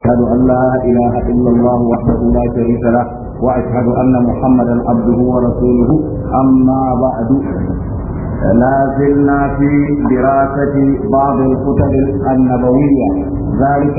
أشهد أن لا إله إلا الله وحده لا شريك له وأشهد أن محمدا عبده ورسوله أما بعد لا زلنا في دراسة بعض الكتب النبوية ذلك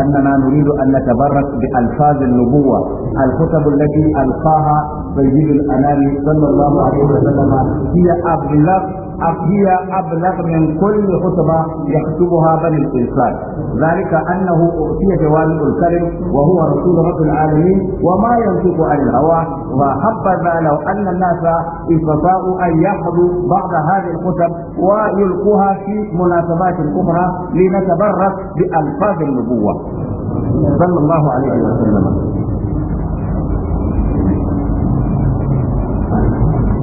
أننا نريد أن نتبرك بألفاظ النبوة الكتب التي ألقاها سيد الأنام صلى الله عليه وسلم هي أبلغ هي أبلغ من كل خطبة يخطبها بني الإنسان ذلك أنه أؤتي جوامع الكلم وهو رسول رب العالمين وما ينطق عن الهوى وحبذا لو أن الناس استطاعوا أن يحضوا بعض هذه الخطب ويلقوها في مناسبات أخرى لنتبرك بألفاظ النبوة صلى الله عليه وسلم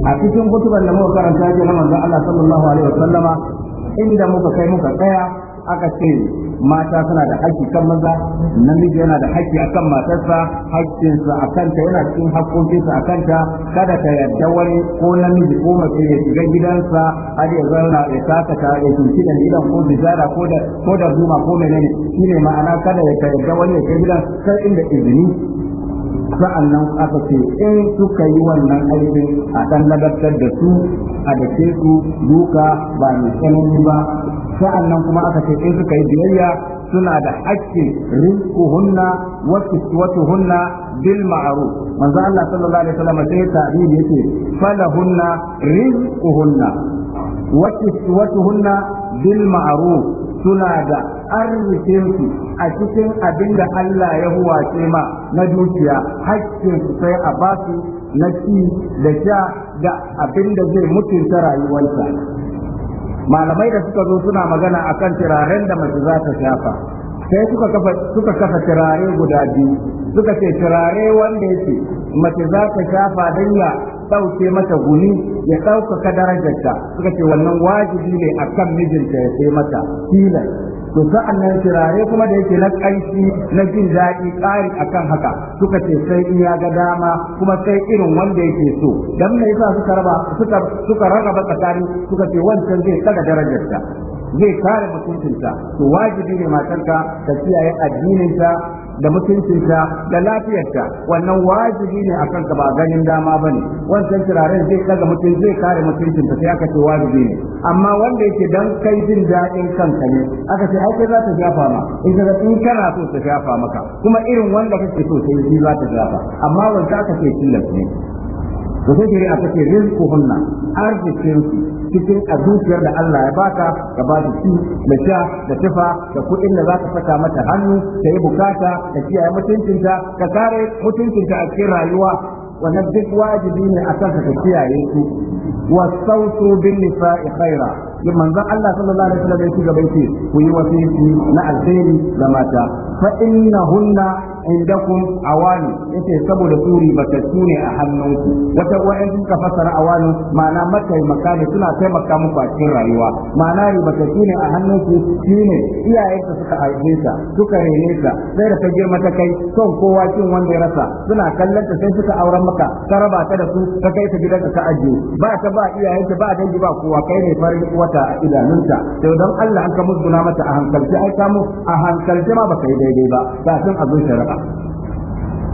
a cikin kutuban da muka karanta ce na manzon Allah sallallahu alaihi wasallama inda muka kai muka tsaya aka ce mata suna da haƙƙi kan maza namiji yana da haƙƙi akan matarsa haƙƙinsa a kanta yana cikin haƙƙoƙinsa a kanta kada ta yadda wani ko namiji ko mace ya shiga gidansa har ya zauna ya saka ta ya tunci da gidan ko bizara ko da ko da zuma ko menene shine ma'ana kada ya yadda wani ya shiga gidan sai inda izini sa'annan aka ce in suka yi wannan aikin a ɗan nagartar da su a da su duka ba mai tsanani ba sa'annan kuma aka ce in suka yi biyayya suna da hakkin wasu wasu hunna bil ma'aru manzo Allah sallallahu alaihi wasallam sai ta'rif yake rinku rizquhunna Wasu hunna bil ma'aru suna da arzikinsu a cikin abin da Allah ya huwace ma na dukiya haƙƙinsu sai a basu na ci da sha da abin da zai mutunta rayuwarsa malamai da suka zo suna magana a kan turaren da mace za ta shafa sai suka kafa suka guda biyu suka ce turare wanda yake mace za ta shafa don ya ɗauke mata guni ya ɗaukaka darajarta suka ce wannan wajibi ne a kan mijinta ya sai mata tilas to sa'an nan turare kuma da yake na ƙarfi na jin daɗi ƙari akan haka suka ce sai in ya ga dama kuma sai irin wanda yake so dan mai yasa suka raba suka suka rarraba tsakani suka ce wancan zai daga darajarta zai kare mutuncinta to wajibi ne matarka ta kiyaye addininta da mutuncinta da lafiyarta wannan wajibi ne akan ka ba ganin dama ba ne wancan turaren zai kaga mutun zai kare mutuncinta sai aka ce wajibi ne amma wanda yake dan kai jin daɗin kanka ne aka ce ai za ta shafa ma in ka in kana so ta shafa maka kuma irin wanda kake so sai shi za ta shafa amma wanda aka ce tilas ne da sai shari'a ta ce rizqu hunna arzikin su cikin azukiyar da Allah ya baka ka ba su ci da sha da tufa da kuɗin da zaka saka mata hannu ta yi bukata da kiyaye mutuncinta ka kare mutuncinta a cikin rayuwa wannan duk wajibi ne a kanka ka kiyaye su wasautu bin nisa'i khaira manzon Allah sallallahu alaihi wasallam ya ci gaba yake ku yi wasiyyi na alheri ga mata fa innahunna indakum awani yace saboda turi batattu ne a hannunku wata wa'in suka fasara awani ma'ana mataimaka ne suna taimaka muku a cikin rayuwa ma'ana ribatattu ne a hannunku shine iyayenka suka haife ta suka rene ta sai da ta girma ta kai son kowa cin wanda ya rasa suna kallon ta sai suka auren maka ka raba da su ka kai ta gidanka ka ajiye ba ta ba iyayenta ba dangi ba kowa kai ne fari wata a idanunta to don Allah an ka musguna mata a hankalce ai ka mu a hankalce ma baka yi daidai ba ba san abin shari'a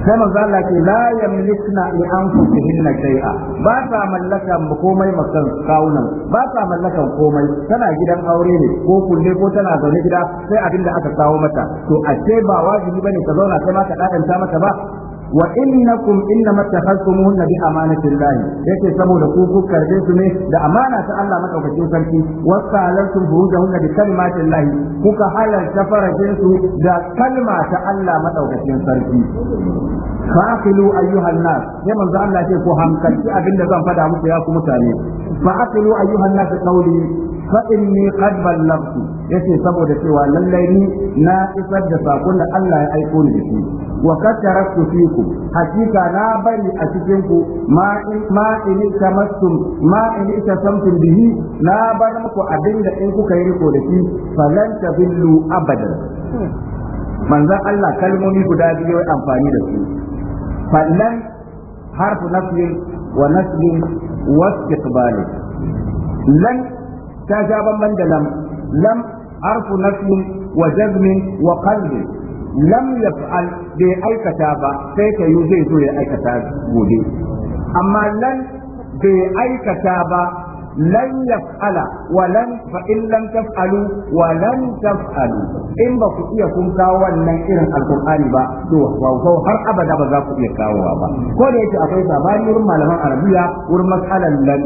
sai manzo Allah ce la yamlikna li anfusihinna shay'a ba mallaka mallakan komai makan kawunan ba ta mallakan komai tana gidan aure ne ko kulle ko tana zaune gida sai abin da aka kawo mata to a ce ba wajibi ne ka zauna sai ma ka dadanta mata ba wa innakum innama takhasumuhunna bi amanatillahi yace saboda ku ku karbe su ne da amana ta Allah madaukakin sarki wa salantum furujahunna bi kalimatillahi kuka halarta farajin su da kalma ta Allah madaukakin sarki fa'qilu ayyuhan nas ya manzo Allah ce ku hankalci abinda zan fada muku ya ku mutane fa'qilu ayyuhan nas qawli fa inni qad ballagtu yace saboda cewa lallai ni na isar da sakon da Allah ya aiko ni da wa kad fikum hakika na bari a cikin ku ma ma in tamassum ma in tasamtum bihi na bar muku abinda in kuka yi riko da shi falan tabillu abadan manzon Allah kalmomi guda biyu amfani da su falan harfu nafyin wa nasbin wa istiqbal lan ta ja bamban da lam حرف نفي وجزم وقلب لم يفعل بأيكتا با سيك يوزي زوي أيكتا بودي أما لن بأيكتا با لن يفعل ولن فإن لم تفعلوا ولن تفعلوا إن بكو إيا كن كاوان نن إرن القرآن با تو وهو هر أبدا بذاكو إيا كاوا با كل يتي أقوي ساباني ورما لمن عربية ورما مسألة لن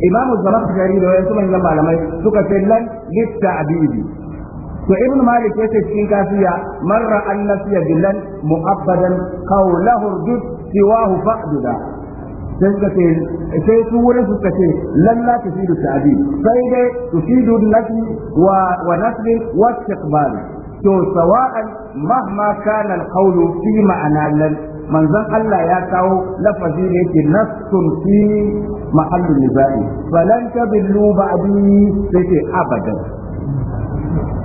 imam imamu zamakhshari da wasu manyan malamai suka ce lan litta'bidi to ibnu malik yace cikin kafiya man ra'a an-nasiya bilan mu'abbadan qawlahu urdud siwahu fa'duda sai suka ce sai su wurin su ce lan la tufidu ta'bid sai dai tufidu nafi wa wa nasbi wa istiqbal to sawa'an mahma kana al-qawlu fi ma'ana lan manzon Allah ya kawo lafazi da yake nassun fi mahallin nizai falan tabillu ba'di sai ce abadan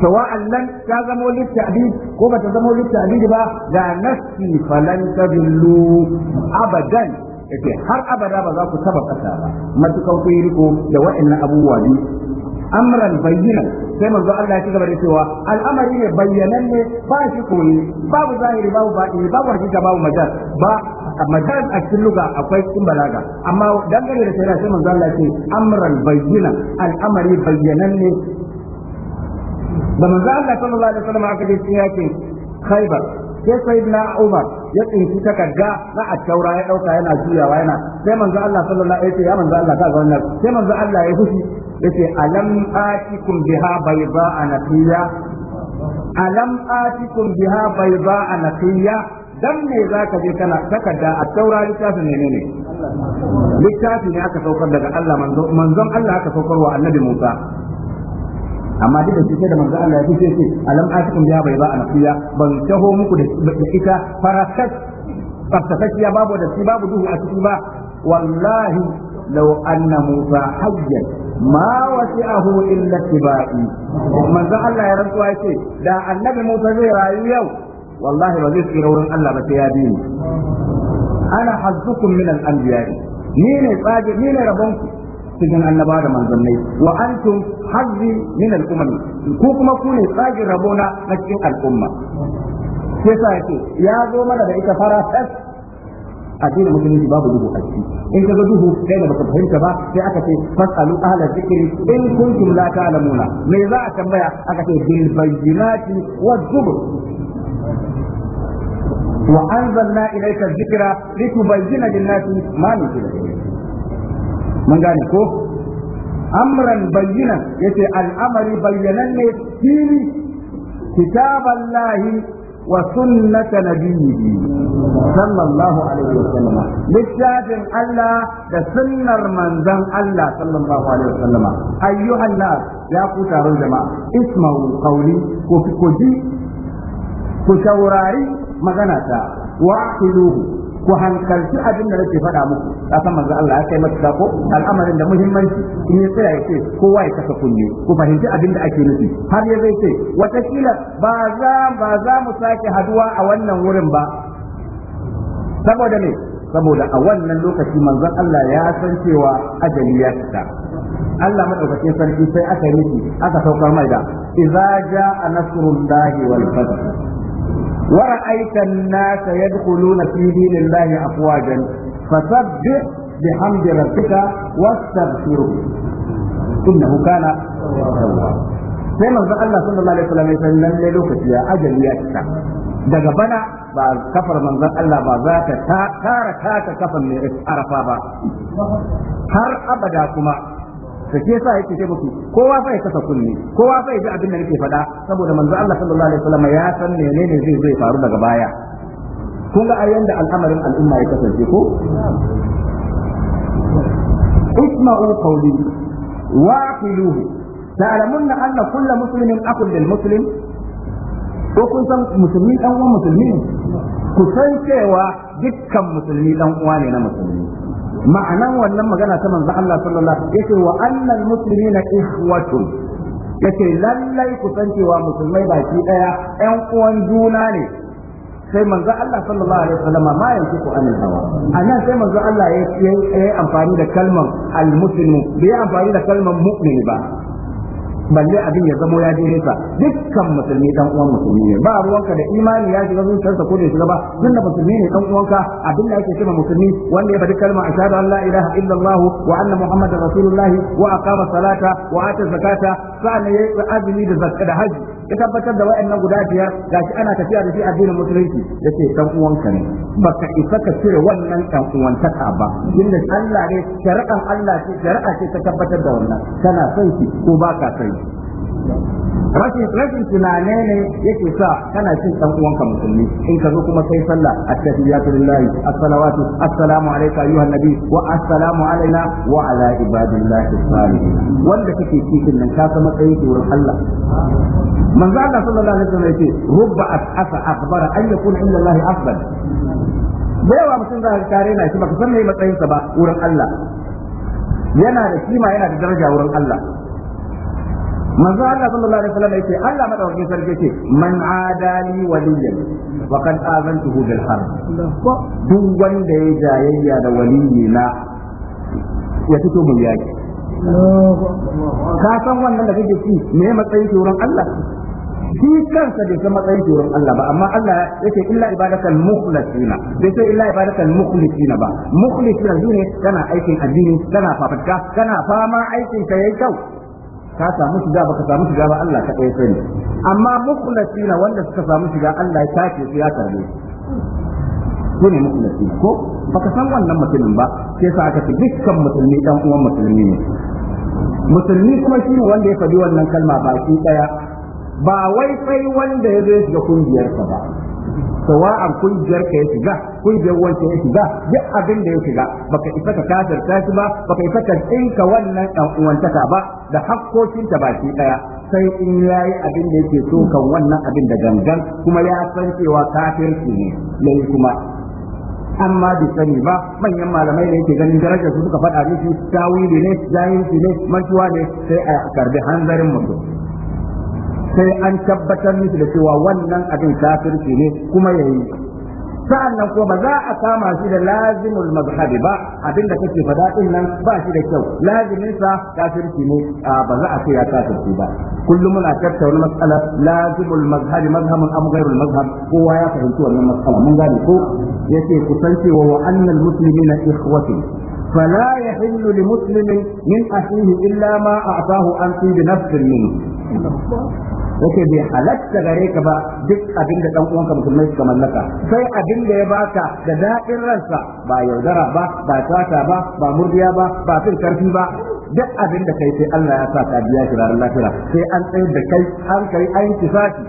sawa'an nan ta zama litta'bid ko ba ta zama litta'bid ba ga nassi falan tabillu abadan yake har abada ba za ku taba kasa ba matukan ku riko da wa'annan abubuwa ne amran bayyana sai manzo Allah ya ci gaba da cewa al'amari ne bayyananne ba shi koyi babu zahiri babu batini babu hakika babu majaz ba majaz a cikin luga akwai cikin balaga amma dangane da shari'a sai manzo Allah ya ce amran bayyana al'amari bayyananne da manzo Allah sallallahu alaihi wasallam aka ce ya ce Khaibar sai sayyidina Umar ya tsinci takarda na a taura ya dauka yana juyawa yana sai manzo Allah sallallahu alaihi wasallam ya manzo Allah ka ga wannan sai manzo Allah ya fushi yace alam atikum biha bayda anafiya alam atikum biha bayda anafiya dan me zaka je kana takarda a taurari tasu ne ne littafi ne aka saukar daga Allah manzon Allah aka saukar wa annabi Musa amma duk da shi da manzo Allah ya ce ce alam atikum biha bayda anafiya ban taho muku da ita farasat farsakiya babu da shi babu duhu a ciki ba wallahi law anna Musa hajjat ma wasi'ahu illa tibai manzo Allah ya rantsuwa yace da annabi Musa zai rayu yau wallahi ba zai tsira wurin Allah ba sai ya bi ni ana hazzukum min al-anbiya ni ne tsaje ni ne ku. cikin annaba da manzannai wa antum hazzi min al-umam ku kuma ku ne tsaje rabona na cikin al'umma sai yace ya zo mana da ita fara addinin musulunci babu duhu a ciki in kaga duhu kai da baka fahimta ba sai aka ce fasalu ahla zikri in kuntum la ta'lamuna me za a tambaya aka ce bil bayyinati wa zubur wa anzalna ilayka dhikra litubayyana lin-nasi ma nuzila mun gane ko amran bayyana yace al'amari bayyananne fili kitaballahi وسنة نبيه صلى الله عليه وسلم للشافع الله ده سنة منزل الله صلى الله عليه وسلم أيها الناس يا كتار الجماعة اسمعوا قولي وفي كجي كشوراري مغناتا واعقلوه ku hankalci abin da nake faɗa muku a san manzo Allah ya kai mata ko al'amarin da muhimmanci in ya tsaya ce kowa ya kasa kunne ku fahimci abin da ake nufi har ya zai ce kila ba za ba za mu sake haduwa a wannan wurin ba saboda ne saboda a wannan lokaci manzon Allah ya san cewa ajali ya fita Allah madaukakin sarki sai aka yi miki aka saukar mai da idza jaa nasrullahi wal fath ورأيت الناس يدخلون في دين الله أفواجا فسبح بحمد ربك واستغفره إنه كان sai manzo Allah sallallahu alaihi wasallam ya san lalle lokaci ya ajali ya daga bana ba kafar manzon Allah ba za ta kara kata kafan mai arafa ba har abada kuma to ke sa yake ce muku kowa fa ya kasa kunne kowa fa ya ji abin da nake faɗa saboda manzo Allah sallallahu alaihi wasallam ya san menene zai zai faru daga baya kun ga ayyan da al'amarin al'umma ya kasance ko اسمعوا قولي ta'lamunna anna ان muslimin aqul lil muslim ko kun san musulmi dan uwan musulmi ku san cewa dukkan musulmi dan uwa ne na musulmi ma'anan wannan magana ta manzo Allah sallallahu alaihi wasallam yace wa annal muslimina ikhwatun yace lallai kusancewa musulmai baki daya ƴan uwan juna ne sai manzo Allah sallallahu alaihi wasallam ma yanzu ku anil hawa anan sai manzo Allah ya yi amfani da kalmar al-muslimu bai amfani da kalmar mu'min ba balle abin ya zamo ya je nesa dukkan musulmi dan uwan musulmi ne ba ruwanka da imani ya shiga zuciyarsa ko da shiga ba tunda musulmi ne dan uwanka abin da yake cewa musulmi wanda ya faɗi kalma ashhadu an la ilaha illallah wa anna muhammadar rasulullahi wa aqama salata wa ata zakata sa'an ya azumi da zakka da haji ya tabbatar da wa'annan guda biyar gashi ana tafiya da shi addinin musulunci yace dan uwanka ne baka isa ka cire wannan dan uwantaka ba inda Allah ne shari'an Allah ce shari'a ce ta tabbatar da wannan kana son shi ko baka son shi rashin rashin tunane ne yake sa kana cin dan uwanka musulmi in ka zo kuma kai sallah at-tahiyatu lillahi as-salawatu assalamu alayka ayyuhan nabi wa assalamu alaina wa ala ibadillahi salihin wanda kake cikin nan ka san matsayin ki wurin Allah manzo Allah sallallahu alaihi wasallam yace rubba asa akbara an yakuna inda Allah afdal da yawa mutum za ka kare na shi baka san me matsayinsa ba wurin Allah yana da kima yana da daraja wurin Allah manzo Allah sallallahu alaihi wasallam yake Allah madawaki sarki yace man adali waliyan kan azantu bil harb duk wanda ya jayayya da na ya fito mu yaki ka san wannan da kake ci me matsayin turan Allah shi kansa bai san matsayin turan Allah ba amma Allah yake illa ibadakal mukhlasina bai sai illa ibadakal mukhlasina ba mukhlasina shine kana aikin addini kana fafatka kana fama aikin ka kai ka samu shiga baka samu shiga ba Allah ka ɗaya sani amma mukhlasina wanda suka samu shiga Allah ya tace su ya karbe su ne mukhlasina ko baka san wannan mutumin ba sai sa aka ce dukkan musulmi dan uwan musulmi ne musulmi kuma shi wanda ya faɗi wannan kalma ba shi ɗaya ba wai sai wanda ya zo shiga kungiyarsa ba sawa'an kungiyar ka ya shiga kungiyar wancan ya shiga duk abin da ya shiga baka isa ka kafirta shi ba baka isa ka tsinka wannan ɗan uwantaka ba da hakkokin ta baki ɗaya sai in yayi abin da yake so kan wannan abin da gangan kuma ya san cewa su ne yayi kuma amma bai sani ba manyan malamai ne yake ganin darajar su suka faɗa shi tawili ne jahilci ne mantuwa ne sai a karbi hanzarin mutum sai an tabbatar musu da cewa wannan abin kafirci ne kuma yayi sa'annan ko ba za a kama shi da lazimul mazhabi ba abin da kake fada din nan ba shi da kyau lazimin sa kafirci ne ba za a ce ya kafirci ba kullum muna tattauna matsala, lazimul mazhabi mazhabun am ghairul mazhab kowa ya fahimci wannan matsala, mun gane ko yace kusancewa wa annal muslimina ikhwati فلا يحل لمسلم من أخيه إلا ما أعطاه أنت بنفس منه yake bai halatta gare ka ba duk abin da dan uwanka musulmai suka mallaka sai abin da ya baka da daɗin ransa ba yaudara ba ba tata ba ba murdiya ba ba fin karfi ba duk abin da kai sai Allah ya sa ka biya shi ranar lafiya sai an tsayar da kai an kai an kifafi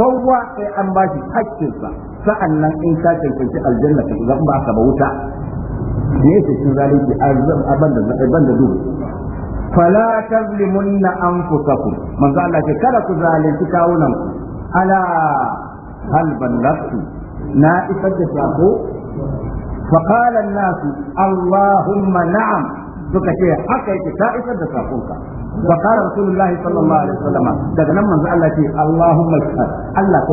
kowa sai an bashi haƙƙinsa nan in ka cancanci aljanna ka zan ba ka bauta. wuta ne yake zalunci a ban da duhu fala tazlimunna anfusakum manzo Allah ce kada ku zalunci kawunan ku ala hal ballagtu na isar da sako fa qala an-nas allahumma na'am suka ce haka yake ka isar da sakonka fa qala rasulullahi sallallahu alaihi daga nan Allah ce Allah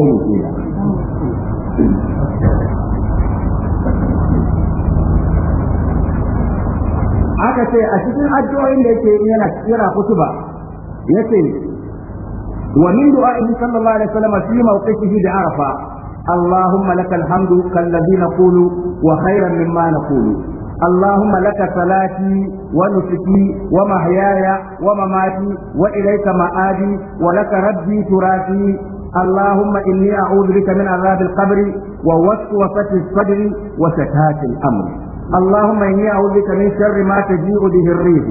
aka ce a cikin addu'o'in da yake yana yana kutuba yace wa min du'a'ihi sallallahu alaihi wasallam fi mawqifihi da arafa اللهم لك الحمد كالذي نقول وخيرا مما نقول اللهم لك صلاتي ونسكي ومحياي ومماتي وإليك مآبي ولك ربي تراثي اللهم إني أعوذ بك من عذاب القبر ووسوسة الصدر وشتات الأمر اللهم إني أعوذ بك من شر ما تجيء به الريح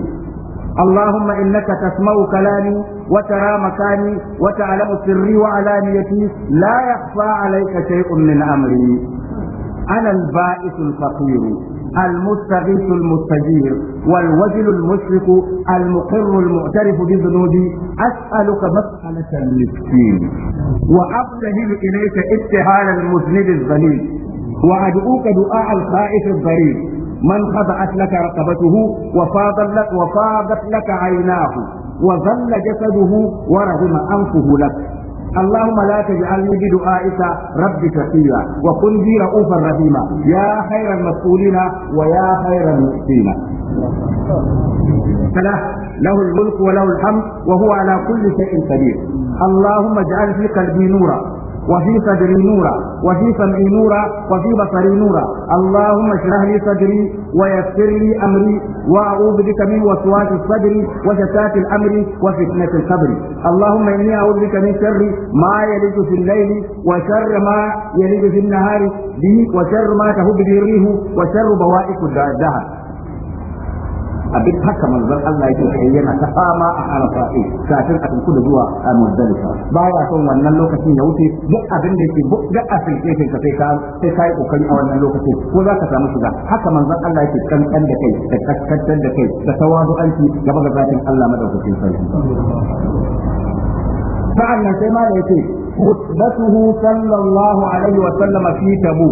اللهم إنك تسمع كلامي وترى مكاني وتعلم سري وعلانيتي لا يخفى عليك شيء من أمري أنا البائس الفقير المستغيث المستجير والوجل المشرك المقر المعترف بذنوبي أسألك مسألة المسكين وأبتهل إليك ابتهال المذنب الذليل وأدعوك دعاء الخائف الضرير من خضعت لك رقبته وفاضت لك, وفاضت لك عيناه وظل جسده ورغم أنفه لك اللهم لا تجعلني بدعائك رب شقيا وكن بي رؤوفا رحيما يا خير المسؤولين ويا خير المؤتين فله له الملك وله الحمد وهو على كل شيء قدير اللهم اجعل في قلبي نورا وفي صدري نورا وفي سمعي نورا وفي بصري نورا اللهم اشرح لي صدري ويسر لي امري واعوذ بك من وسواس الصدر وشتات الامر وفتنه القبر اللهم اني اعوذ بك من شر ما يلج في الليل وشر ما يلج في النهار بي وشر ما تهب به الريح وشر بوائق الدهر abin haka manzon Allah yake kai yana ta fama a Arafa kafin a tunku da zuwa a Muzdalifa ba ya son wannan lokacin ya wuce duk abin da yake duk application ka sai ka sai kai kokari a wannan lokacin ko za ka samu shiga haka manzon Allah yake kankan da kai da kaskantar da kai da tawazu'anci gaba ga zatin Allah madaukakin sarki sa'an nan sai ma da yake khutbatuhu sallallahu alaihi wa sallama fi tabu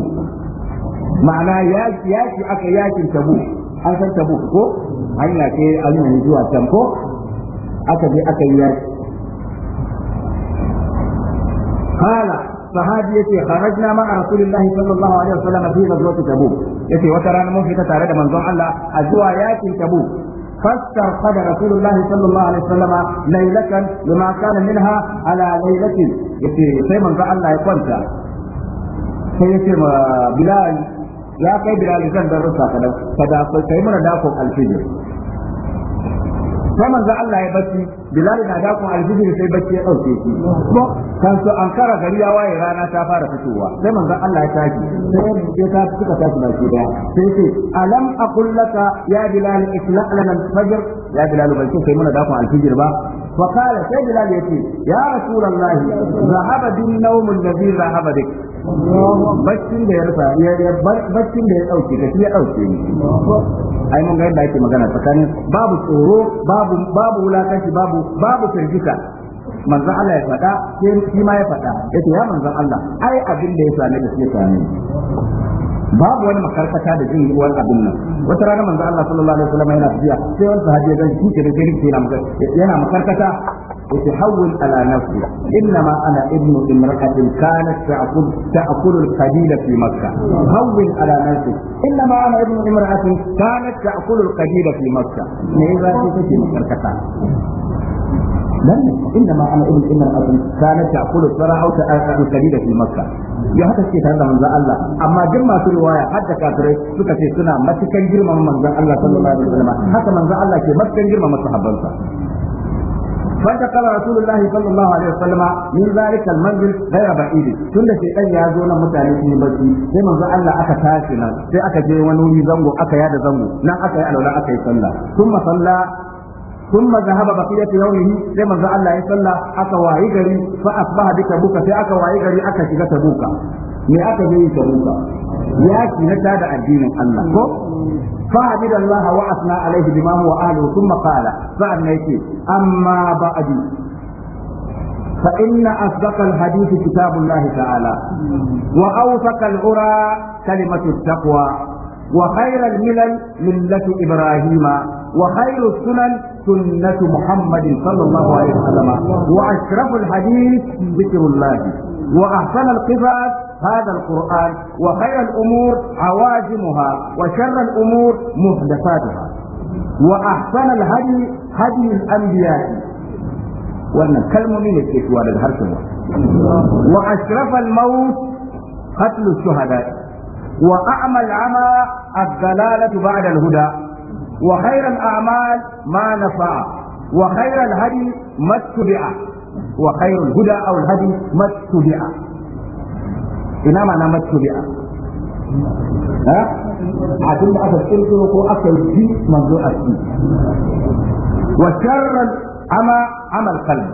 ma'ana yaki yaki aka yakin tabu an san tabu ko hanya ce an yi zuwa can ko aka je aka yi yaki kala sahabi yace kharajna ma rasulullahi sallallahu alaihi wasallam fi ghazwat tabuk yace wata rana mun fita tare da manzon Allah a zuwa yakin tabuk فاسترقد رسول الله صلى الله عليه وسلم ليلة لما كان منها على ليلة يتي سيما الله يقول sai ya ce ma Bilal ya kai bilali zan dan rusa ka nan ka da kai mana dakon alfijir sai manzo Allah ya bacci bilal na dakon alfijir sai bacci ya dauke shi kan an kara gari ya waye rana ta fara fitowa sai manzo Allah ya tashi sai ya je ta suka tashi ba shi da sai ce alam aqul laka ya bilal isla lana al-fajr ya bilal ban ce kai mana dakon alfijir ba فقال sai بلال يتي يا رسول الله ذهب بي النوم الذي ذهب baccin da ya rufa baccin da ya dauke ka ya dauke ni ai mun ga yadda ake magana tsakanin babu tsoro babu babu babu firgita manzon Allah ya faɗa sai ma ya faɗa yace ya manzon Allah ai abin da ya same da shi ya babu wani makarkata da jin ruwan abin nan wata rana manzo Allah sallallahu alaihi wasallam yana tafiya sai wani sahabi ya gani kuke da gari yana makarkata يتحول على نفسه انما انا ابن امراه كانت تاكل تاكل القليل في مكه هون على نفسك انما انا ابن امراه كانت تاكل القليل في مكه لماذا تتي makarkata. nan ne inna ma ana ibn imar abin ta kula tsara auta al-kabila fi makka ya haka suke tare da manzon Allah amma duk masu riwaya har da kafirai suka ce suna matukan girman manzon Allah sallallahu alaihi wasallam haka manzon Allah ke matukan girman sahabbansa فانتقل رسول الله صلى الله عليه وسلم من ذلك المنزل غير بعيد tun da shedan ya zo na mutane sun yi barci sai manzo Allah aka tashi nan sai aka je wani wuri zango aka yada zango nan aka yi aka yi sallah tun salla ثم ذهب بقية يومه لما ذا الله يصلى أكا وايغري فأصبح بتبوك في أكا وايغري أكا شيغا تبوك me aka yi تبوك yaki na tada addinin Allah ko فحمد الله واثنى عليه بما هو اهله ثم قال فان اما بعد فإن أصدق الحديث كتاب الله تعالى وأوثق العرى كلمة التقوى وخير الملل ملة إبراهيم وخير السنن سنة محمد صلى الله عليه وسلم وأشرف الحديث ذكر الله وأحسن القباب هذا القرآن وخير الأمور عوازمها وشر الأمور محدثاتها وأحسن الهدي هدي الأنبياء وأن كلمة من الكتوى للهرسل وأشرف الموت قتل الشهداء وأعمى العمى الضلالة بعد الهدى وخير الأعمال ما نفع وخير الهدي ما اتبع وخير الهدى أو الهدي ما اتبع إنما أنا ما اتبع ها؟ عشان ده أفكرته وأكل في منظور أسيس وشر الأمى عمى القلب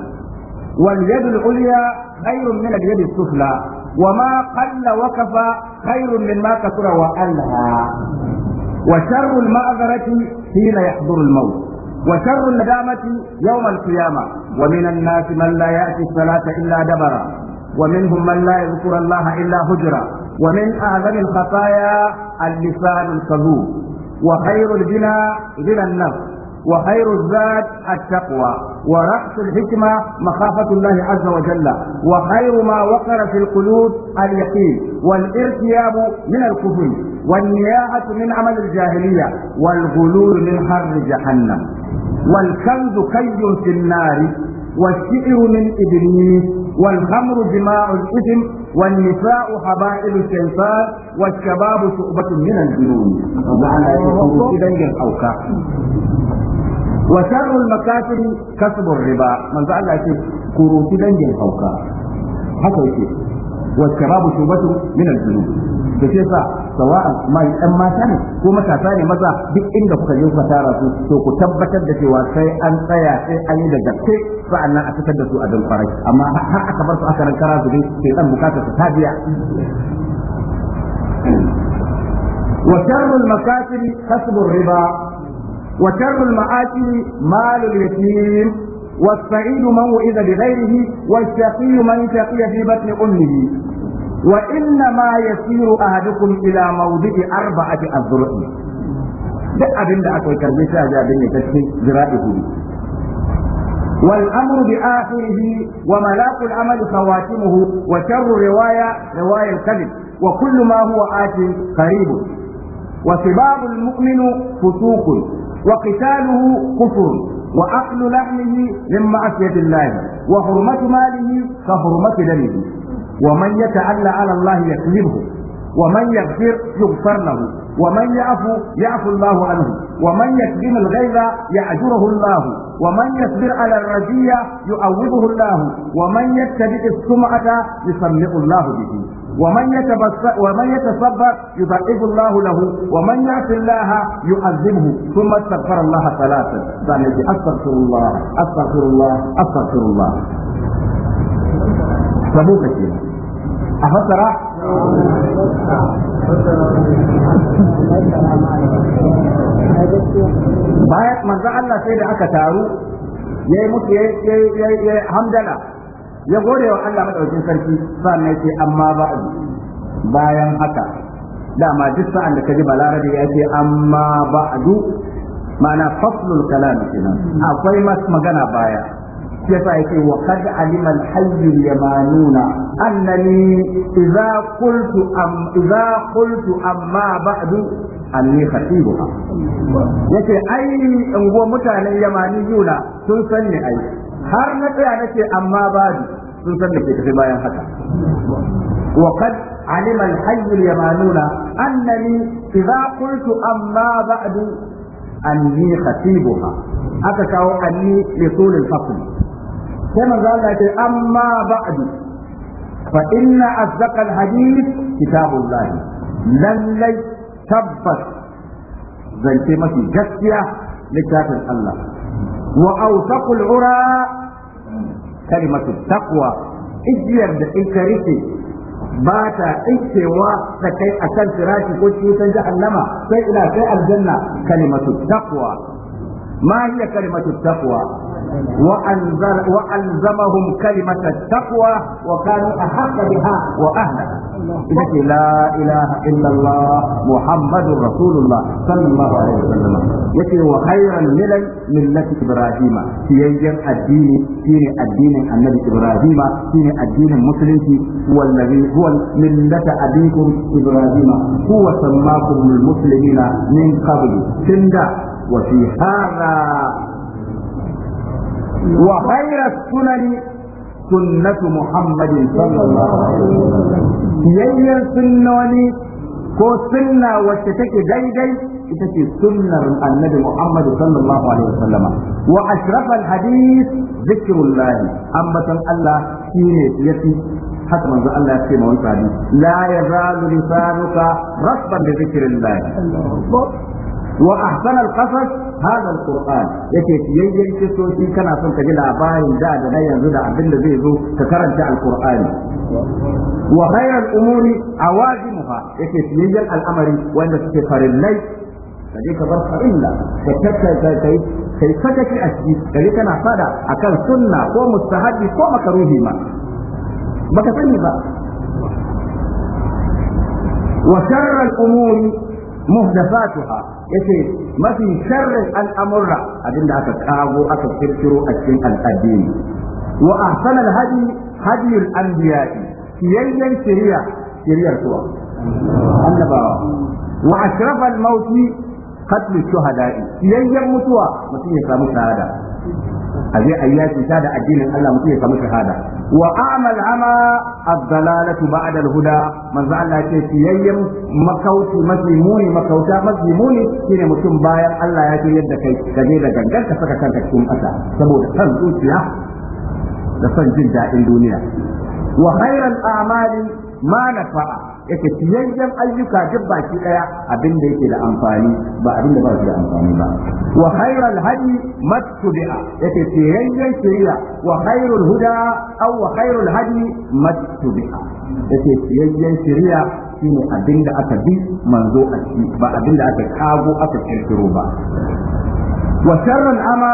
واليد العليا خير من اليد السفلى وما قل وكفى خير مما كثر وألهى وشر المعذرة حين يحضر الموت وشر الندامة يوم القيامة ومن الناس من لا يأتي الصلاة إلا دبرا ومنهم من لا يذكر الله إلا هجرا ومن أعظم الخطايا اللسان الكذوب وخير الغنى غنى النفس وخير الزاد التقوى ورأس الحكمة مخافة الله عز وجل وخير ما وقر في القلوب اليقين والارتياب من الكفر والنياحة من عمل الجاهلية والغلول من حر جهنم والكنز كي في النار والشعر من إبليس والخمر جماع الإثم والنساء حبائل الشيطان والشباب شعبة من الجنون إذا أوكا وشر المكاسب كسب الربا من قال لك كروت دنجل أوكا haka yake wasu babu shubatu min aljunu da ke sa sawa'an ma ɗan mata ne ko matasa ne maza duk inda kuka yi kuka tara su to ku tabbatar da cewa sai an tsaya sai an yi da gaske sa'annan a fitar da su a don farai, amma har aka bar su aka rankara su ne sai dan bukatar su ta biya وشر المكاسب كسب الربا وشر المآكل مال اليتيم والسعيد من وئذ بغيره والشقي من شقي في بطن أمه وإنما يسير أحدكم إلى موضع أربعة أذرع duk abin da aka yi karbe shi a ji abin ya tafi zira'i hudu والأمر بآخره وملاك العمل خواتمه وشر رواية رواية الكذب وكل ما هو آت قريب وسباب المؤمن فسوق وقتاله كفر وأكل لحمه من معصية الله وحرمة ماله كحرمة دمه ومن يتعلى على الله يكذبه ومن يغفر يغفر له ومن يعفو يعفو الله عنه ومن يكظم الغيظ يعجره الله ومن يصبر على الرجية يعوضه الله ومن يتبع السمعة يسمع الله به ومن يتبصر ومن يتصبر يضعف الله له ومن يعصي الله يعذبه ثم استغفر الله ثلاثا قال استغفر الله استغفر الله استغفر الله سبوك كده a fassara bayan manzon Allah sai da aka taru ya yi ya hamdala ya gode wa Allah madaukin sarki sannan ce amma ba bayan haka dama duk sa'an da kaji balarabe ya ce amma ba'du ma'ana faslul kalam kenan akwai magana baya yasa yake wa kad alima al-hayy yamanuna annani idza qultu am idza qultu amma ba'du anni khatibuha yace ai ungo mutanen yamani yuna sun san ni ai har na tsaya nace amma ba'du sun san da ke tafi bayan haka wa kad alima al-hayy yamanuna annani idza qultu amma ba'du anni khatibuha aka kawo anni li sulil fasl sai manzo Allah ya ce amma ba'du fa inna asdaqa alhadith kitabullah lallai tabbas zance mafi gaskiya littafin Allah wa awsaqul ura kalimatu taqwa ijiyar da in ka ba ta ɗinkewa da kai a kan firashi ko cutar jahannama sai ina sai aljanna kalimatu taqwa ma hiya kalimatu taqwa وألزمهم كلمة التقوى وكانوا أحق بها وأهلها إذا لا إله إلا الله محمد رسول الله صلى الله عليه وسلم يتي وخير الملل ملة إبراهيم سيجر الدين سين الدين النبي إبراهيم سين الدين المسلم والذي هو ملة أبيكم إبراهيم هو سماكم المسلمين من قبل سندا وفي هذا وخير السنن سنة محمد صلى الله عليه وسلم يير سنوني كو سنة وشتك ديدي ita sunnar annabi Muhammad sallallahu alaihi wasallam wa ashraf alhadith zikrullah ambatan Allah shine yafi haka manzo Allah ya ce ma wani la yazalu lisanuka rasban bi zikrillah وأحسن القصص هذا القرآن يكي تيجي تسوتي كان أصنع كجل أباين دا دا ينزل عبد زيزو تكرن القرآن وخير الأمور عوازمها يكي تيجي الأمر وأن تكفر الليل kaje ka bar farilla ka tattaka kai kai sakaki a ciki kaje kana fada akan sunna ko mustahabi ko makaruhi ma baka sani ba wa sharral umuri muhdasatuha yace mafi sharrin al'amurra abinda aka kago aka kirkiro a cikin al'addini wa ahsanal hadi hadiyul anbiya'i yayyan shari'a shari'ar suwa annabawa wa ashrafal mauti qatl shuhada'i yayyan mutuwa mutum ya samu shahada a je ayyaki da addinin Allah mutum ya samu shahada wa amal ama ad-dalalatu ba'da al-huda manzo Allah ce kiyayyen makauci mafi muni makauta mafi ne mutum bayan Allah ya ce yadda kai gaje da gangan ka saka kanka cikin ƙasa saboda kan zuciya da son jin daɗin duniya wa amari a'mali ma nafa'a yake tiyayyen ayyuka duk baki daya abin da yake da amfani ba abin da ba shi da amfani ba wa khairul hadi mattubi'a yake tiyayyen shari'a wa khairul huda aw wa khairul hadi mattubi'a yake tiyayyen shari'a shine abin da aka bi manzo a ci ba abin da aka kago aka kirkiro ba wa sharran ama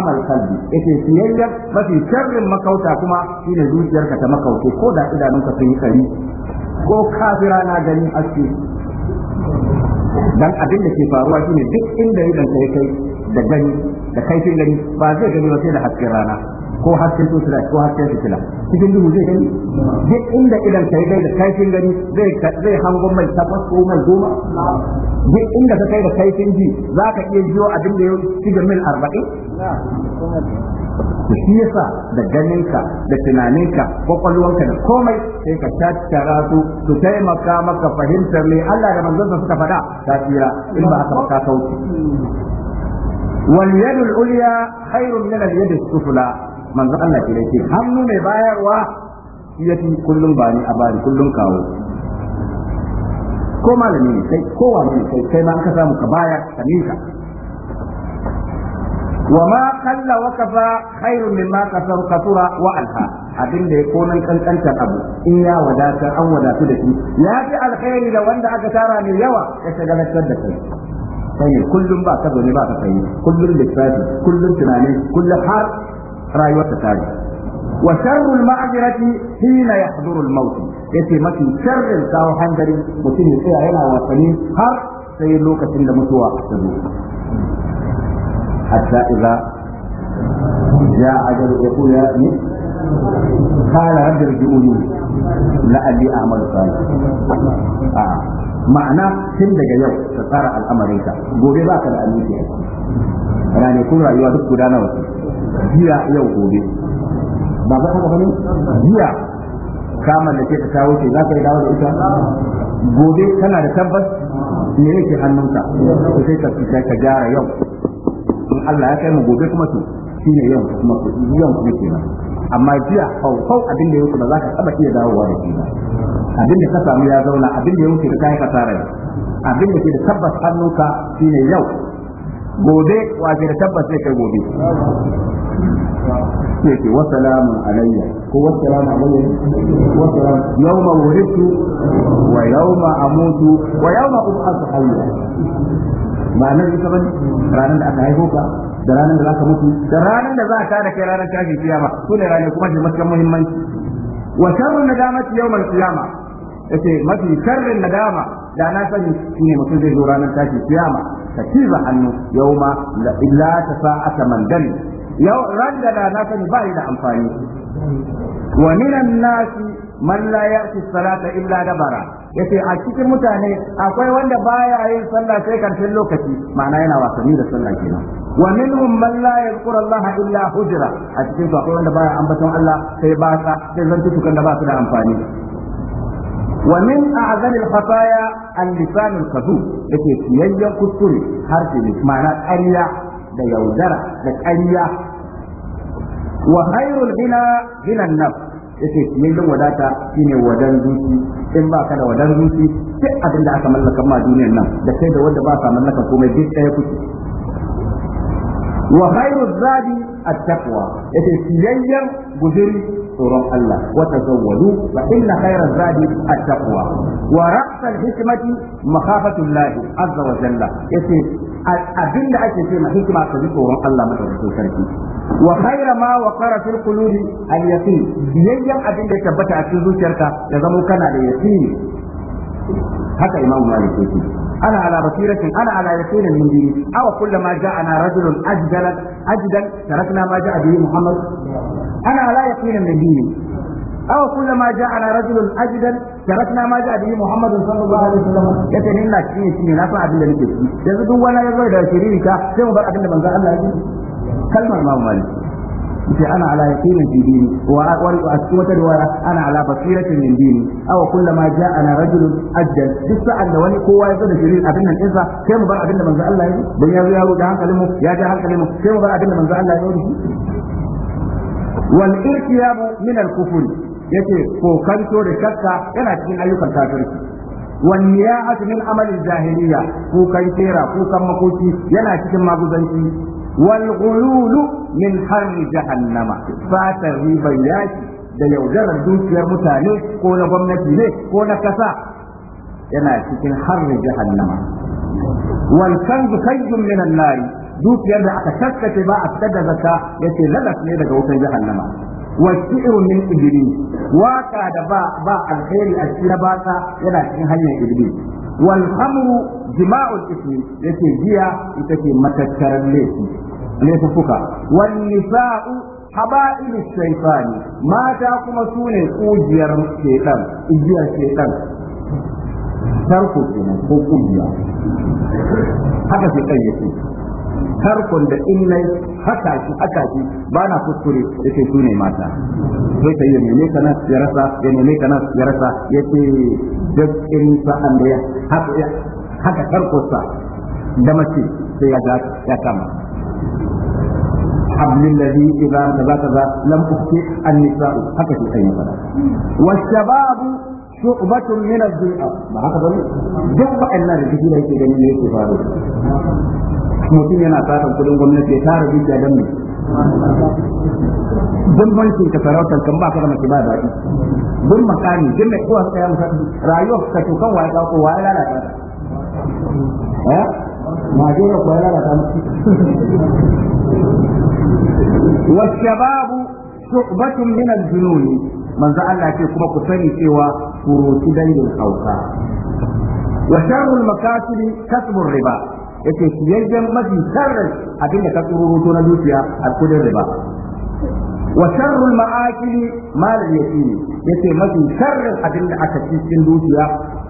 amal qalbi yake siyayyar mafi sharrin makauta kuma shine zuciyarka ta makauta ko da idanunka sun yi kari ko kafira na ganin aski dan abin da ke faruwa shine duk inda idan ka kai da gani da kaifin gani ba zai gani ba sai da hasken rana ko hasken tosila ko hasken fitila cikin duhu zai gani duk inda idan kai kai da kaifin gani zai zai hango mai takwas ko mai goma duk inda ka kai da kaifin ji za ka iya jiyo abin da ya shiga mil arba'in da shi yasa da ganinka da tunaninka kwakwalwanka da komai sai ka tattara su su taimaka maka fahimtar me Allah da manzon suka faɗa ta tsira in ba haka ka kauce wal yadul ulya khairun min al yadis sufla manzon Allah ke yake hannu mai bayarwa ya fi kullum ba ni a bari kullum kawo ko malami ne sai ko wani sai sai ma ka samu ka baya ka ninka wa ma qalla wa kafa khairun mimma kasar kasura wa alha abin da ya konan kankantar abu in ya wadatar an wadatu da shi ya fi alkhairi da wanda aka tara mai yawa ya shagalatar da kai sai kullum ba ka zaune ba ka sayi kullum lissafi kullum tunani kullum har rayuwar ta tare wa sharrul ma'azirati hina yahduru al-maut yace mafi sharrin kawo hanzari mutum ya tsaya yana wasanni har sai lokacin da mutuwa ta zo hatta idza jaa ajalu yaqulu ya قال رب ارجعوني لعلي اعمل صالحا ma'ana tun daga yau ka tsara al'amarinka gobe ba ka da aminci rane kun rayuwa duk guda nawa jiya yau gobe ba ka haka bane jiya da ke ka kawo ce za ka yi dawo da ita gobe kana da tabbas me yake hannunka ko sai ka fita ka gyara yau in Allah ya kai mu gobe kuma to shine yau kuma yau kuma kenan amma jiya hau abin da yake ba za ka taba iya dawowa da shi abin da ka samu ya zauna abin da ya wuce ka kai kasara abin da ke da tabbas hannunka shine yau gobe wace da tabbas zai kai gobe sai ce wasalamu alayya ko wasalamu alayya wasalamu yawma wuritu wa yawma amutu wa yawma ubhasu hayya ba nan ita bane ranar da aka haifo ka da ranar da zaka mutu da ranar da za ka da kai ranar tashi kiyama ne ranar kuma shi matakan muhimmanci wa sharru nadamati yawmal qiyama yace mafi sharrin nadama da na sani shine mutum zai zo ranar tashi kiyama ka ciza hannu ma la illa ta sa'ata man yau ran da na sani ba da amfani wa minan nasi man la ya'ti salata illa dabara yace a cikin mutane akwai wanda baya yin sallah sai karshen lokaci ma'ana yana wasanni da sallah kenan wa minhum man la yadhkuru Allah illa hujra a cikin akwai wanda baya ambaton Allah sai ba sai zantukan da ba su da amfani ومن أعظم الخطايا اللسان الكذوب yake siyayyen kuskure harshe ne ma'ana ƙarya da yaudara da ƙarya wa khairul gina ginan nan yake siyayyen wadata shine wadan zuci in ba ka da wadan zuci sai abin da aka mallaka ma duniyar nan da kai da wanda ba ka mallaka komai duk ɗaya kuke wa khairu zadi at-taqwa yace siyayyan guzuri tsoron Allah wa tazawwadu fa inna khairu zadi at wa ra's al-hikmati makhafatu Allah azza wa jalla yace abinda ake ce ma hikima ka ji tsoron Allah madaukakin sarki wa khairu ma waqara fil qulubi al-yaqin siyayyan abinda ya tabbata a cikin zuciyarka ya zamo kana da yaqini haka imam ana ala basiratin ana ala yaqinin min dini aw kullama ja'ana rajulun ajdalan ajdan tarakna ma ja'a bihi muhammad ana ala yaqinin min dini aw kullama ja'ana rajulun ajdan tarakna ma ja'a bihi muhammad sallallahu alaihi wasallam yace ni na cikin shi na fa abin da nake ciki yanzu duk wani ya zo da shirika sai mu bar abinda da manzo Allah yace ana ala yaqinin fi dini wa a cikin wata riwaya ana ala basiratin min dini aw kullama ana rajulun ajjal duk sa'an wani kowa ya zo da shirin abin nan dinsa sai mu bar abin da manzo Allah ya yi dan ya zo ya hankalin mu ya ja hankalin mu sai mu bar abin da manzo Allah ya yi wal irtiyabu min al kufr yace kokanto da shakka yana cikin ayyukan kafirci والنياحة من عمل الجاهلية كوكا يتيرا كوكا مكوتي yana cikin ما والغلول من حر جهنم فاتر بيات da yaudarar dukiyar mutane ko na gwamnati ne ko na kasa yana cikin harri jahannama wal kanzu kanjun nari dukiyar da aka taskace ba a fitar da zakka yace lalas ne daga wutar jahannama والشعر من إبليس واقع دباء باء الخير أشير باسا يلا شين هيا إبليس والخمر جماع الإسم يتي جيا يتي متكر الليس ليس فكا والنساء حبائل الشيطان ما تاكم سوني أوجير الشيطان أوجير الشيطان تركوا فينا ko kungiya haka sai kai tarkon da in nai haka shi haka shi ba na kuskure yace su ne mata sai sai ya neme kana ya rasa ya neme kana ya rasa yace duk irin sa'an da ya haka haka sa da mace sai ya ga ya kama الحبل الذي إذا نبتذ لم أخطئ النساء هكذا أي مثلا والشباب شعبة من البيئة ما هكذا جنب أن الرجل يجب أن يكون mutum yana satan kudin gwamnati ya tara dukiya don mai bambancin ka sarautar kan ba ka da mace ba daɗi duk makami duk mai kowa tsaya masa rayuwar ka to kan waye dauko waye lalata ta eh Najeriya kuwa lalata musu wasababu shubatun min al-jununi manzo Allah ce kuma ku sani cewa kuruci dangin hauka wa sharrul makasib kasbur riba yace kiyayyen mafi sharrin abinda ka tsururuto na dukiya a kudin riba wa sharrul ma'akili mal yatim yace mafi sharrin abinda aka ci cikin dukiya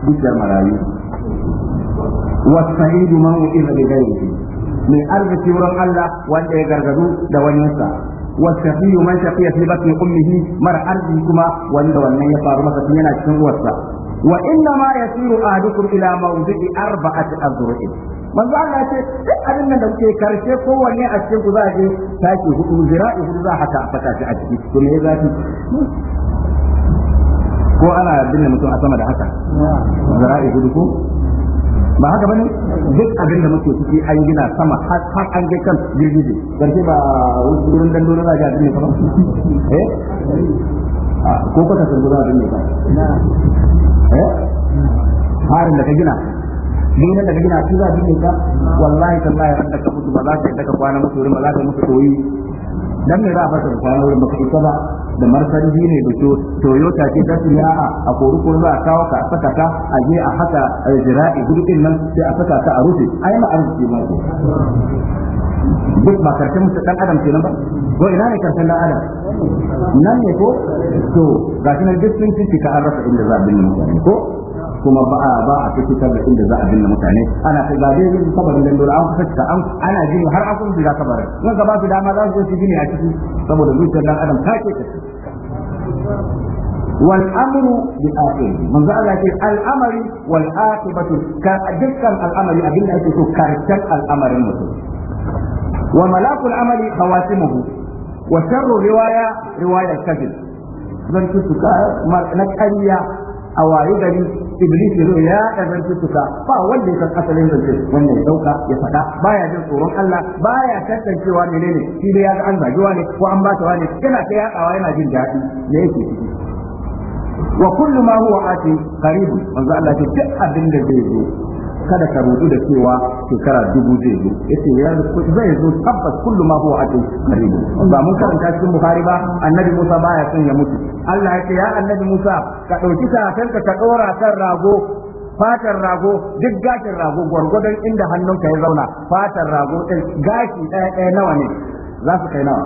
dukiyar marayu wa sa'idu man u'iza bi ghairihi mai arziki wurin Allah wanda ya gargadu da waninsa والشقي من شقي في بطن امه مر ارضي kuma wanda wannan ya faru masa yana cikin uwarsa wa inna ma yasiru ahadukum ila mawdi'i arba'ati azru'in manzo Allah ce duk abin da kuke karshe kowanne a cikin ku za je taki hudu zira'i hudu za haka a fata shi a ciki to zafi ko ana binne mutum a sama da haka zira'i hudu ko ba haka bane duk abin da muke ciki an gina sama har har kan girgije ba wurin za a ba eh? ko kwata sun guza abin ne ka harin da ka gina dinan da ka gina su za ne ka wallahi tallahi ran da ka mutu ba za ka yadda ka kwana mutu ba za ka mutu koyi dan me za a fasa kwana wurin baka isa ba da martani ne da to Toyota ce ta su a a kori ko za a kawo ka a saka ka a je a haka jira'i gudu nan sai a saka ka a rufe ai ma arziki ba. duk ba karshen mutum dan adam ke nan ba ko ina ne karshen dan adam nan ne ko to ga shi nan duk sun ci ka an rasa inda za a binne mutane ko kuma ba a ba a fitar da inda za a binne mutane ana kai ba dai yin kabarin dan dole an fitar an ana jin har a kun shiga kabarin mun ba su dama za su su gine a ciki saboda zuciyar dan adam ta ke ta والامر بالاخره من ذلك الامر والعاقبه كدكا الامر ابين ايتو كارتن الامر mutum. وملاك العمل خواتمه وشر riwaya riwaya الكذب zan tutuka na ƙarya a wayo gari iblis ya zo zan ɗan tutuka ba wanda ya san asalin zance wanda ya dauka ya faɗa baya jin tsoron Allah baya tantancewa menene shi da ya ga an zagiwa ne ko an bata ne yana ta yakawa yana jin daɗi ne yake ciki wa kullu ma huwa ati qarib manzo Allah ya ce duk abin da zai zo kada ka rudu da cewa shekara dubu zai zo yace ya zai zo tabbas kullu ma huwa atin qarib ba mun karanta cikin bukhari ba annabi musa baya son ya mutu Allah ya ce ya annabi musa ka dauki kafanka ka dora kan rago fatar rago duk gashin rago gwargwadon inda hannunka ya zauna fatar rago din gashi ɗaya ɗaya nawa ne za su kai nawa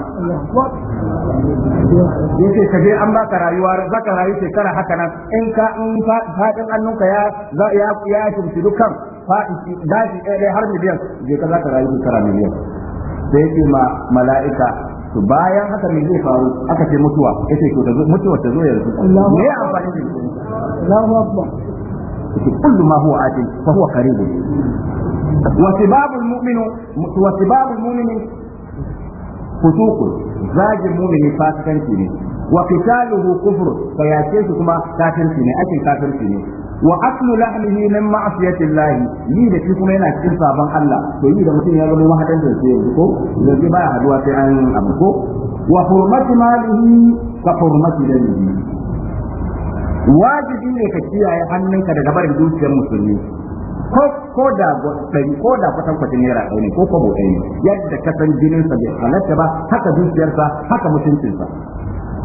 yace ka je an baka rayuwa za ka rayu shekara haka nan in ka in fadin annunka ya ya ya shimfi dukan fadi daji ɗaya har miliyan je ka za ka rayu shekara miliyan sai ce ma mala'ika to bayan haka me zai faru aka ce mutuwa yace to ta mutuwa ta zo yanzu me ya amfani da Allahu akbar yace kullu ma huwa atin fa huwa qarib wa sibabul mu'minu wa sibabul mu'mini fusuqun zagin mumini fasikanci ne wa qitaluhu kufr fayace su kuma kafirci ne ake kafirci ne wa aklu lahmihi min ma'siyati yi da shi kuma yana cikin sabon Allah to yi da mutum ya zama mahadan da sai yanzu ko yanzu baya haduwa sai an abu ko wa hurmati malihi ka hurmati dalihi wajibi ne ka kiyaye hannunka daga barin dukiyar musulmi ko da ɗari ko da kwatan kwatan naira ɗari ko kwabo ne yadda ka san jinin sa bai halatta ba haka dukiyarsa haka mutuncinsa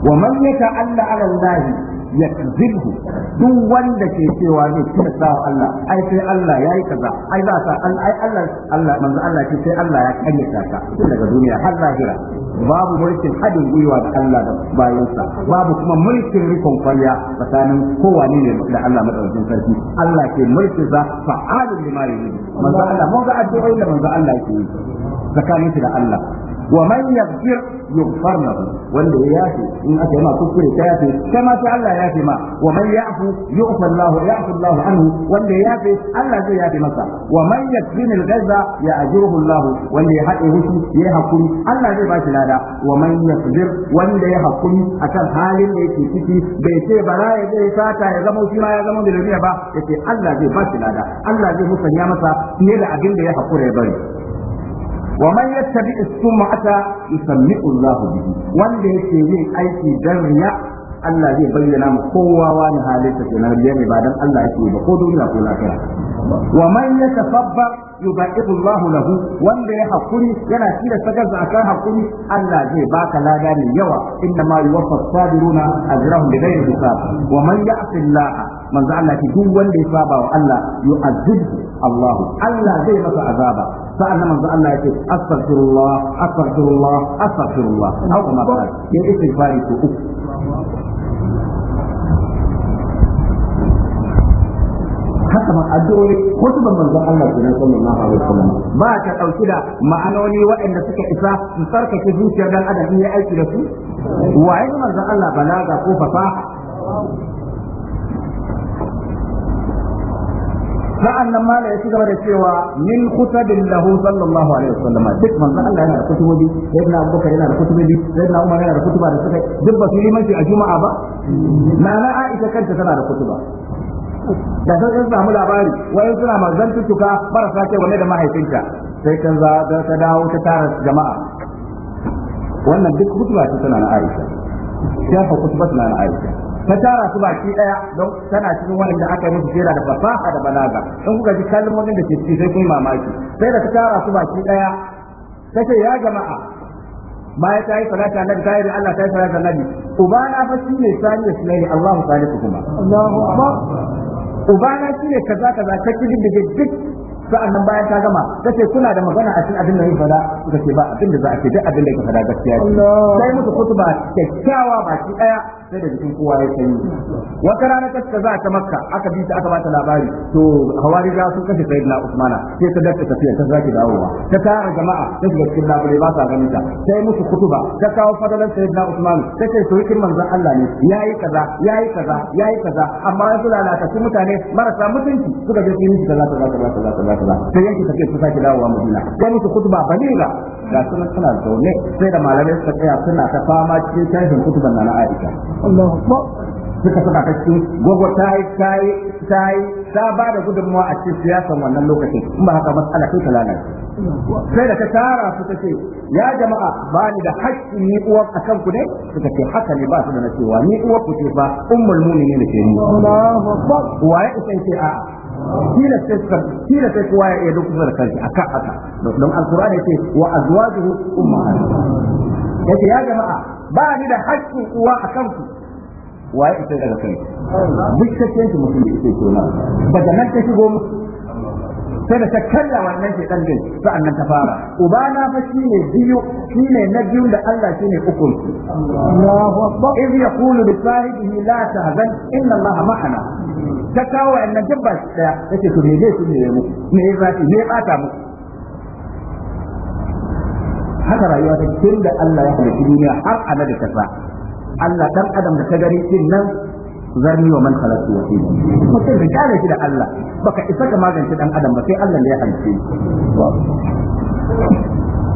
wa man yata Allah ala Allah yakzibhu duk wanda ke cewa zai tuna sa Allah ai sai Allah ya yi kaza ai za sa ai Allah Allah manzo Allah ce sai Allah ya karyata ka tun daga duniya har lahira babu mulkin hadin gwiwa da Allah da bayansa babu kuma mulkin rikon kwalya tsakanin kowane ne da Allah madaukakin sarki Allah ke mulkin za fa'alun limari manzo Allah mun ga addu'o'i da manzo Allah yake yi tsakaninsu da Allah wa man yaghfir yughfar lahu wanda ya yafi in aka yi ma kuskure ta yafi kai Allah ya yafi ma wa man yafu yughfar lahu yafu Allah anhu wanda ya yafi Allah zai yafe masa wa man yakfin al-ghaiza ya ajruhu Allah wanda ya haɗe hushi ya hakuri Allah zai ba shi lada wa man yasbir wanda ya hakuri akan halin da yake ciki bai ce bara ya zai fata ya zama shi ma ya zama bilaniya ba yace Allah zai ba shi lada Allah zai musanya masa fiye da abin da ya hakura ya bari wa man yattabi as-sum'ata yusammi'u Allah bihi wanda yake yin aiki dan riya Allah zai bayyana mu kowa wani halitta ke riya ne ba dan Allah yake ba ko duniya ko lafiya wa man yatasabba yubaidu Allah lahu wanda ya hakuri yana tira sakar da akan hakuri Allah zai baka lada mai yawa inna ma yuwaffa sabiruna ajrahum bighayri hisab wa man ya'ti Allah manzo Allah duk wanda ya saba wa Allah yu'azzibhu Allah Allah zai masa azaba sa'an nan manzo Allah ya yake astaghfirullah astaghfirullah astaghfirullah hau kuma ba ya istighfari ko uku haka ma addu'o'i wasu ban manzon Allah kenan sallallahu alaihi wasallam ba ka ɗauki da ma'anoni waɗanda suka isa su sarkake zuciyar dan adam in ya aiki da su waye manzon Allah balaga ko fasaha sa'an nan mala ya ci gaba da cewa min khutadin lahu sallallahu alaihi wa wasallam duk manzon Allah yana da kutubi kutubobi sayyidina Abubakar yana da kutubi kutubobi sayyidina Umar yana da kutuba da suka duk ba su yi mace a juma'a ba na nana Aisha kanta tana da kutuba da sun samu labari wai suna manzon tuka marasa kai wanne da mahaifinta sai kan za ta dawo ta tara jama'a wannan duk kutuba ce tana na Aisha shafa kutuba tana na Aisha ta tara su baki daya don tana cikin wani da aka yi musu jera da fasaha da balaga in kuka ji kalmomin da ke ciki sai kun mamaki sai da ta tara su baki daya ta ce ya jama'a baya ta yi salata ta yi da Allah ta yi salata annabi ubana fa shi ne sani sunaini Allahu ku kuma Allahu akbar ubana shi ne kaza kaza ta da duk sa'annan bayan ta gama ta ce kuna da magana a cikin abin da yin fada suka ce ba abin da za a ce duk abin da yake fada gaskiya ne sai musu kutuba kyakkyawa baki daya sai da jikin kowa ya sanyi wata rana ta za ta makka aka bi ta aka bata labari to hawari za su kashe sayyidina usmana sai ta dace tafiya ta zaki dawowa ta tara jama'a ta shiga cikin labule ba sa ganin ta sai musu kutuba ta kawo fadalan sayyidina usman ta ce soyakin manzon Allah ne yayi kaza yayi kaza yayi kaza amma su lalata su mutane marasa mutunci suka je sun yi kaza kaza kaza kaza kaza kaza sai ta ce su saki dawowa Madina sai musu kutuba baliga ga sunan suna zaune sai da malamai suka tsaya suna ta fama cikin tashin kutuban na Aisha Allahu suka gogo ta yi ta yi ta yi ta ba da gudunmawa a cikin siyasar wannan lokaci in ba haka matsala sai ta sai da ta tara su ta ce ya jama'a ba ni da haƙƙin ni uwa a kan ku ne suka ce haka ne ba su da na ni uwa ku ce ba ummul mu'minin da ke ni wa ya yace ya jama'a ba ni da haƙƙin uwa a kanku ya ita daga kai duk kakken ki mutum da yake tona daga nan ta shigo mu sai da ta kalla wannan shekan din nan ta fara uba na fa shine biyu shine na biyu da Allah shine ukun Allahu akbar idh yaqulu li sahibihi la tahzan inna Allah ma'ana ta kawo wannan jabba daya yace to me zai shi ne mu me zai me bata muku haka rayuwa ta tun da Allah ya halitta duniya har a da kasa Allah dan adam da ta gari din nan zarni wa man khalaqtu wakil mutum da kare shi da Allah baka isa ka magance dan adam ba sai Allah ne ya halitta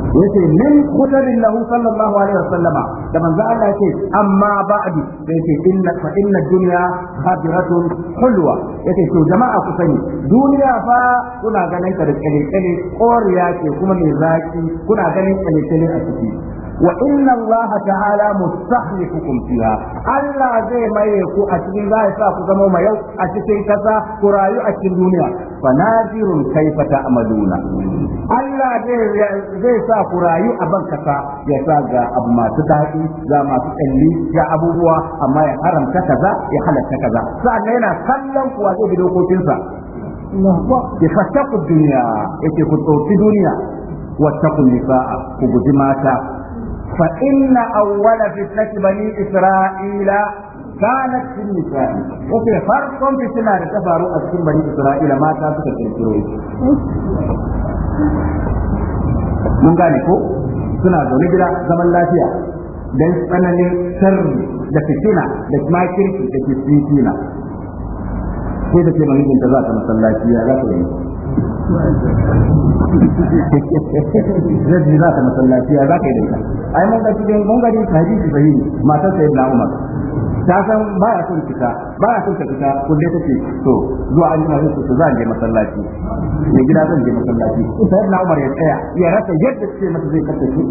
yace min khutarin sallallahu alaihi wasallam da manzo Allah yace amma ba'du sai yace inna fa inna dunya khadiratun hulwa yace to jama'a ku sani duniya fa kuna ganin ta da kale kale koriya ce kuma mai zaki kuna ganin kale kale a ciki wa inna Allah ta'ala mustahlifukum fiha Allah zai maye ku a cikin za sa ku zama mai yau a cikin kasa ku rayu a cikin duniya fanazirun kaifa ta'maluna Allah zai sa ku rayu a ban kasa ya sa ga abu masu dadi, ga masu tsalli ga abubuwa amma ya haramta kaza ya halatta kaza sa'annan yana kallon kuwa zai bi dokokinsa fattaku duniya yake ku duniya wattaku ku guji mata فإن أول فتنة بني إسرائيل كانت في النساء وفي فرق في سنة تفاروا أسكن بني إسرائيل ما كانت تكتشفوا من قال suna zaune gida zaman lafiya don tsananin sharri da fitina da makirki da ke fitina sai da ke mamijinta za ta masallaci ya za ta yi zai za ta masallaci ya za ka yi da ita ai mun ga cikin mun hadisi sahihi matar umar ta san ba ya son fita ba ya son ta fita to zuwa an jima zai fita za a je masallaci mai gida zan je masallaci umar ya tsaya ya rasa yadda ce masa zai kasa shi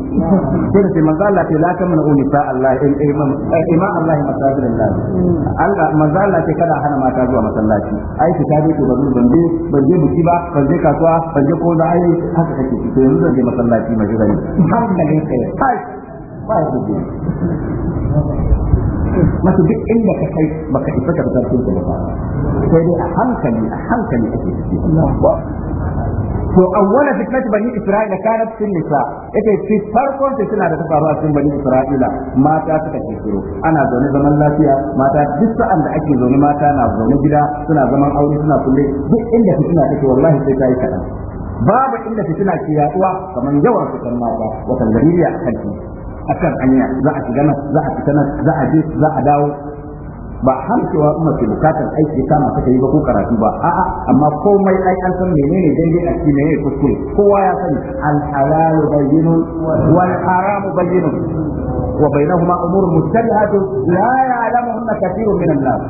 sai da sai manzo Allah la uni Allah in eh, eh, imam eh, imam Allah Allah Allah manzo Allah kada hana mata zuwa masallaci ai fita dai ban je buki ba ban je kasuwa ban je ko za a yi haka kake to yanzu zan je masallaci majalisa ne kai da ne kai mace duk inda ka kai baka isa ka fitar cikin ba sai dai a hankali a hankali ake ciki to awwala fitnat bani isra'ila kanat fil nisa yake ci farkon ta suna da ta faru bani isra'ila mata suka ci shiru ana zaune zaman lafiya mata duk sa'an da ake zaune mata na zaune gida suna zaman aure suna kulle duk inda fitina take wallahi sai ta yi kaɗan babu inda fitina ke yaduwa kamar yawan fitan mata watan jaririya a kan akan hanya za a shiga nan za a fita nan za a je za a dawo ba har cewa umma ke bukatar aiki kama suka yi ba ko karatu ba a'a amma komai ai an san menene daidai a cikin ne kuskure kowa ya sani al halalu bayyinun wal haramu bayyinun wa bainahuma umur mustabihatun la ya'lamuhunna kathirun min an-nas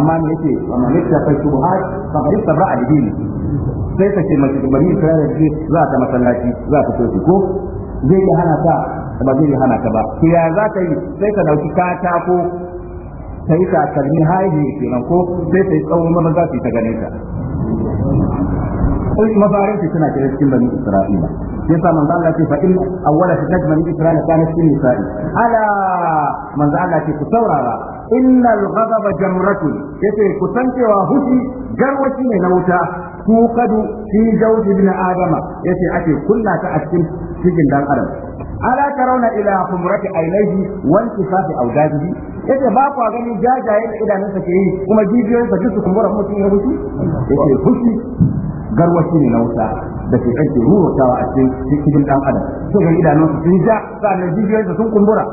amma me yake amma ne ta kai subhat fa bari sabra al-din sai ta ce mace bari ta rage za ta masallaci za ta tofi ko zai ga hana ta ba zai hana ka ba to ya za ka yi sai ka dauki katako ka yi takalmi haihi nan ko sai ka yi tsawon maza za su yi ta gane ka mafarinta suna kira cikin bani isra'ila ya sa manzo Allah ce fa in awwala fitat bani isra'ila kana cikin nisa'i ala manzo Allah ce ku saurara innal ghadaba jamratun yace ku san cewa hushi garwaci ne na wuta ku kadu fi jawzi bin adama yace ake kunna ta a cikin cikin dan adam ala tarawna ila humrati ainihi wa intifafi awdajihi yace ba kwa gani jajayen da idanunsa ke yi kuma jijiyoyin sa duk kuma mutum ya mutu yace fushi garwashi ne na wuta da ke ake rurutawa a cikin cikin dan adam sai ga idanunsa sun ja sa'an jijiyoyin sa sun kumbura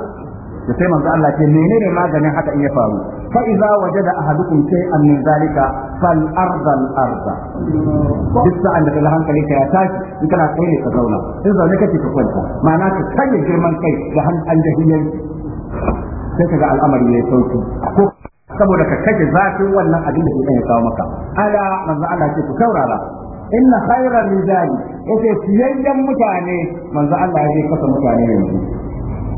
to sai manzo Allah ce menene maganin haka in ya faru fa idza wajada ahadukum shay'an min zalika fal arda al arda duk sa'an da hankali ka ya tashi in kana kai ne ka zauna in zaune kake ka kwanta ma'ana ka kalle girman kai da han an jahiliyar sai kaga al'amari ne sauki ko saboda ka kashe zafin wannan abin da ke kawo maka ala manzo Allah ce ku saurara inna khayra mizani yace fiyayyen mutane manzo Allah ya kasa mutane yanzu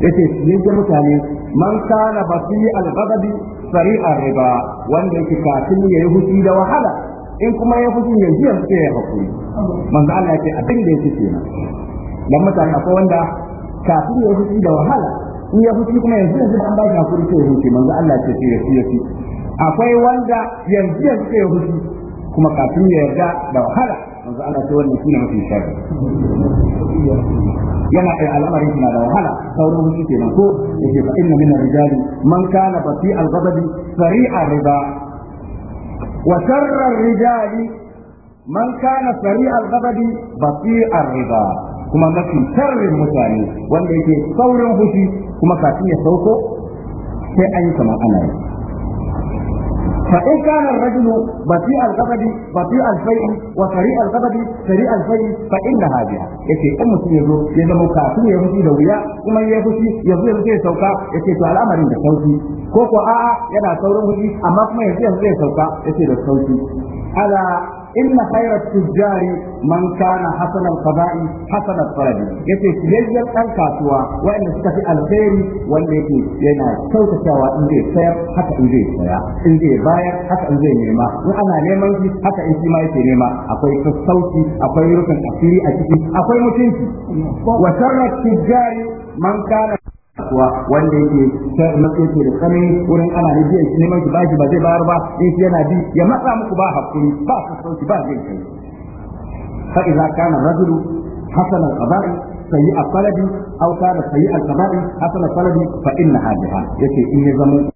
yace ne ga mutane man kana basi al-ghadabi sari'a riba wanda yake kafin ya yi hushi da wahala in kuma ya fushi yanzu ji sai ya hakuri man Allah yake abin da yake kenan dan mutane akwai wanda kafin ya fushi da wahala in ya fushi kuma yanzu yanzu an ba shi hakuri sai ya man manzo Allah ya ce ya ci, akwai wanda yanzu yake sai ya kuma kafin ya yarda da wahala ce wannan shine mafi yana kai al'amarin suna da wahala sauran ke nan ko yake fa fa'in na minar rijali man kana fi al-ghadabi sari'a riba wa sharra ar-rijali man kana sari'a al-ghadabi bati ar-riba kuma mafi sharrin mutane wanda yake saurin hukunci kuma kafin ya sauko sai an yi kamar ana yi فإن كان الرجل بطيء الغضب بطيء الفيء وسريع الغضب سريع الفيء فإنها بها yace in mutum ya zo ya zama kafin ya fushi da wuya kuma ya fushi ya zo ya fushi ya sauka yace to al'amarin da sauki ko ko a'a yana saurin fushi amma kuma ya zo ya sauka yace da sauki ala inna khayra tujjari man kana hasan al-qada'i hasan al qadai yace yayyar dan kasuwa wanda suka fi alkhairi wanda yake yana kyautatawa in zai sayar haka in zai saya in zai bayar haka in zai nema in ana neman shi haka in shi ma yake nema akwai sassauci akwai rufin asiri a ciki akwai mutunci wa sharra tujjari man kana kuwa wanda yake yake da tsane wurin ana ne biyan shi neman shi bashi ba zai bayar ba in shi yana bi ya matsa muku ba hakuri ba su sauki ba zai kai fa idza kana rajulu hasana qada'i sayyi al-qalbi aw kana sayyi al-qada'i hasana al-qalbi fa inna hadha yake in ya zama